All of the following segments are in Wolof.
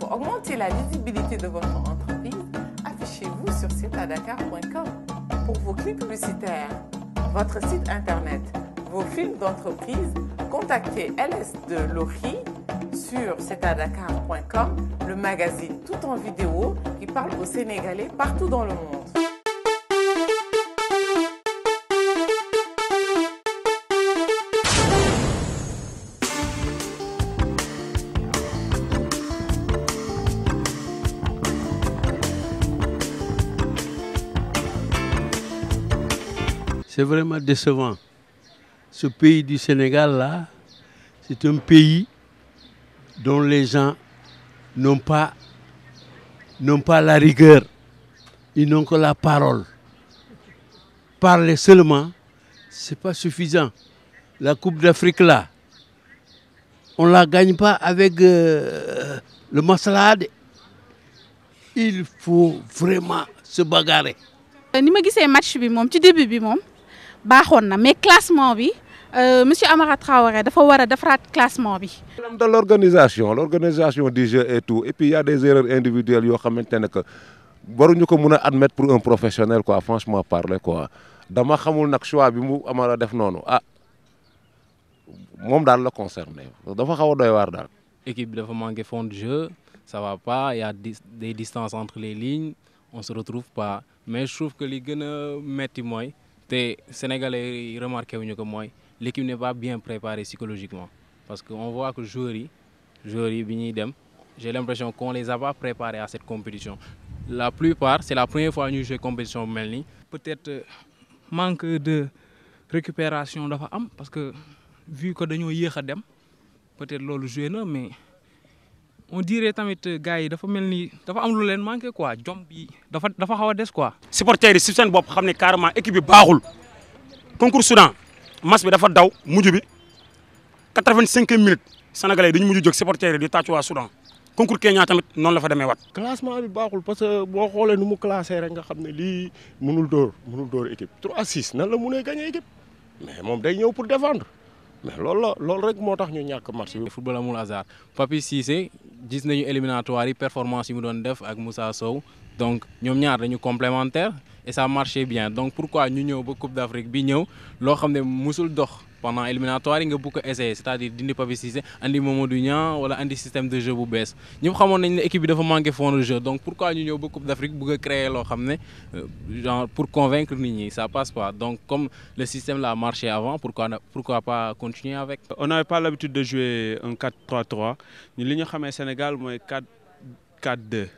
Pour augmenter la visibilité de votre entreprise, affichez-vous sur CETADAKAR.COM pour vos clips publicitaires, votre site internet, vos films d'entreprise. Contactez LS de Lori sur cetadakar.com, le magazine tout en vidéo qui parle aux Sénégalais partout dans le monde. C'est vraiment décevant. Ce pays du Sénégal, là, c'est un pays dont les gens n'ont pas, pas la rigueur. Ils n'ont que la parole. Parler seulement, ce n'est pas suffisant. La Coupe d'Afrique, là, on ne la gagne pas avec euh, le masalade. Il faut vraiment se bagarrer. Euh, ni ma match début baaxoon na mais classement bi euh, monsieur Amara Traoré dafa war a classement bi. l'organisation de l' organisation du jeu et tout et puis il y' a des erreurs individuelles yoo xamante ne que waruñu ko mun admettre pour un professionnel quoi franchement parler quoi dama xamul nag choix bi mu Amara def noonu ah moom daal la concerné dafa xaw a doy équipe bi dafa manqué fond de jeu ça va pas Il y' a des distances entre les lignes on se retrouve pas mais je trouve que li gën a metti les sénégalais ont remarqué que moi, l'équipe n'est pas bien préparée psychologiquement parce qu'on voit que joueurs joueurs j'ai l'impression qu'on les a pas préparés à cette compétition la plupart c'est la première fois que jouer compétition en peut-être euh, manque de récupération dafa parce que vu que nous sommes peut-être que mais on dirait tamit euh, gars dafa melni dafa am lu len manké quoi jom bi dafa dafa xawa a des quoi. supporters yi sen bop xamné carrément équipe bi baxul concours Soudan match bi dafa daw muju bi 85 vingt cinq minutes sénégalais dañu muju jog supporters di tatchu wa Soudan concours Kenya tamit non la fa démé wat classement bi baxul parce que bo xolé nu mu classé rek nga xamné li mënul dor mënul dor équipe 3-6 nan la mune gagner équipe mais mom day ñëw pour défendre mais loolu la rek motax ñu ñak match bi. football amul hasard papi Cissé 19 éliminatoires, éliminatoire yi performance yi mu doon def ak Moussa Sow donc ñoom ñaar dañu complémentaire et ça marchait bien donc pourquoi nous ñëw ba Coupe d'Afrique bi ñëw loo xam ne musul dox pendant éliminatoire il nga beaucoup essayer c'est-à-dire des Pape andi Mamadou système de jeu qui bees Nous avons une équipe bi dafa manqué fond de jeu donc pourquoi nous avons beaucoup Coupe d'Afrique Pour créer loo euh, pour convaincre nit ça passe pas donc comme le système a marché avant pourquoi pourquoi pas continuer avec. on n'avait pas l'habitude de jouer en 4-3-3 Nous li au Sénégal mais 4-4-2.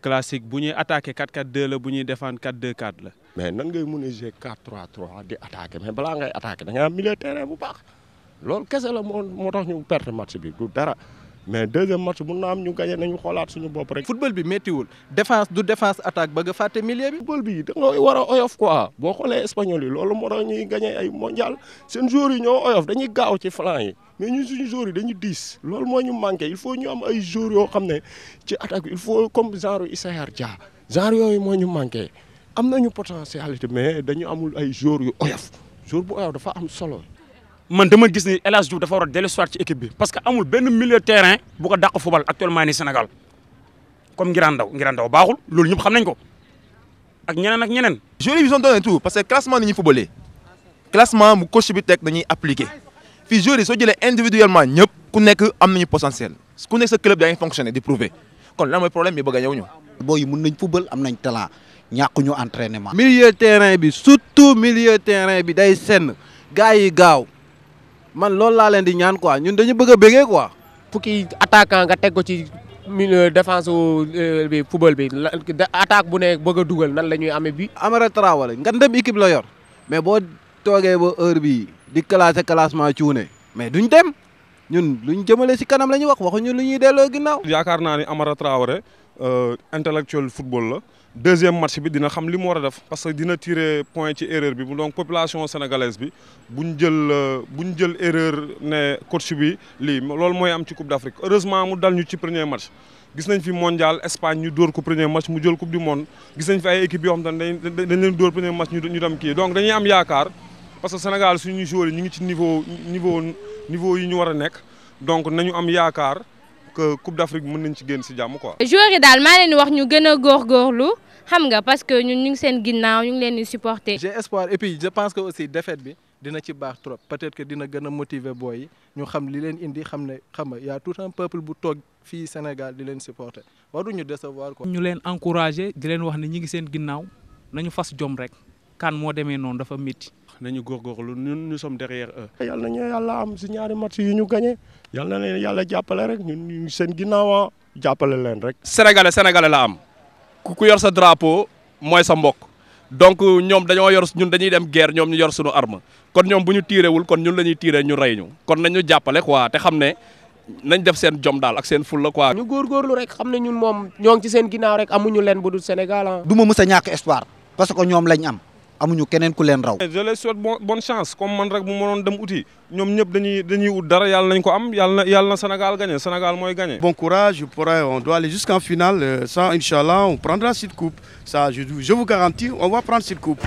classique bu ñuy attaqué 4-4-2 la bu ñuy défendre 4-2-4 la. mais nan ngay mun a jouer 4-3-3 di attaqué mais balaa ngay attaqué da ngay am milieu terrain bu baax loolu kese la moo moo tax ñu perte match bi du dara. mais deuxième match mun na am ñu gagné nañu xoolaat suñu bopp rek. football bi méttiwul défense du défense attaque ba nga fàtte milieu bi. football bi da nga war a oyof quoi boo xoolee espagnol yi loolu moo tax ñuy gagné ay mondial seen joueurs yu ñoo oyof dañuy gaaw ci flanc yi mais ñun suñu joueurs yi dañu diis loolu moo ñu manqué il faut ñu am ay joueurs yoo xam ne ci attaque bi il faut comme genre Issaïar Dia genre yooyu moo ñu manqué am nañu potentialité mais dañu amul ay joueurs yu oyof joueur bu oyof dafa am solo. man dama gis ni El Hadj dafa war a soir ci équipe bi parce que amul ben milieu terrain bu ko dàq football actuellement ni Sénégal comme Ngirane Ndao Ngirane Ndao baaxul loolu ñëpp xam nañ ko ak ñeneen ak ñeneen. joueurs yi ils donné tout parce que classement ni ñuy footballé classement bu coach bi tek dañuy appliquer fi joueurs so soo individuellement ñep ku nekk am nañu potentiel ku nekk ce club yaa fonctionner di prouver kon lan moy problème yi bëgg a ñu. boy yi mun nañ football am nañ talent ñàkkuñu entraînement. milieu terrain bi surtout milieu terrain bi day sen gaay yi gaaw. man loolu laa leen di ñaan quoi ñun dañu bëgg a bëggee quoi. fukki attaquant nga teg ko ci milieu euh, défense euh, bi football bi attaque bu ne bëgg a dugal nan la ñuy amee bi Amara Traoré nga dem équipe la yor mais boo toogee ba heure bi di classé classement cuune mais duñ dem ñun luñ jëmale si kanam la ñuy wax ñun lu ñuy delloo ginnaaw. yaakaar naa ni Amara Traoré. Euh, intellectuel football la deuxième match bi dina xam li mu def parce que dina tirer point ci erreur bi donc population sénégalaise bi buñ jël euh, buñ jël erreur né coach bi li loolu moy am ci coupe d'Afrique heureusement mu dal ñu ci premier match. gis nañ fi mondial Espagne ñu dóor ko premier match mu jël coupe du monde gis nañ fi ay équipe yo xam ne dañ leen dóor premier match ñu dem ki donc dañuy am yaakaar parce que Sénégal suñu joueurs ñi ngi ci niveau niveau niveau yi ñu wara nek donc nañu am yaakaar. que Coupe d'Afrique mun nañ ci génn si jàmm ko joueurs yi daal maa leen wax ñu gën a góorgóorlu xam nga parce que ñun ñu ngi seen ginnaaw ñu ngi leen di supporter. j'ai espoir et puis je pense que aussi défaite bi dina ci baax trop peut-être que dina gën a booy ñu xam li leen indi xam ne xam nga y a tout un peuple bu toog fii Sénégal di leen supporter waruñu décevoir quoi. ñu leen encourager di leen wax ne ñu ngi seen ginnaaw nañu fas jom rek kan moo demee noonu dafa métti. nañu góorgóorlu ñun nous sommes derrière eux. yàlla nañu yàlla am si ñaari match yi ñu gagné yàlla na leen yàlla rek ñun ñu seen ginnaaw ah, jàppale leen rek. sénégalais sénégalais la am ku ku yor sa drapeau mooy sa mbokk donc ñoom yor ñun dañuy dem guerre nyom ñu yor suñu arme kon nyom bunyu ñu wul kon ñun la ñuy ñu ñu kon nañu jàppale quoi te xam ne nañ def sen jom dal ak seen ful la quoi. ñu góorgóorlu rek xam ne ñun moom ñoo ci rek amuñu nyu budul Sénégal ah. du ma mës a ñàkk espoir parce que ñoom lañ am amuñu raw. je les souhaite bonne chance comme man rek bu mënoon dem outil ñom ñep dañuy dañuy ut dara yalla nañ ko am yalla yalla Sénégal gagné Sénégal moy gagné. bon courage pour euh, on doit aller jusqu'en finale euh, ça inchallah on prendra cette coupe ça je je vous garantis on va prendre cette coupe.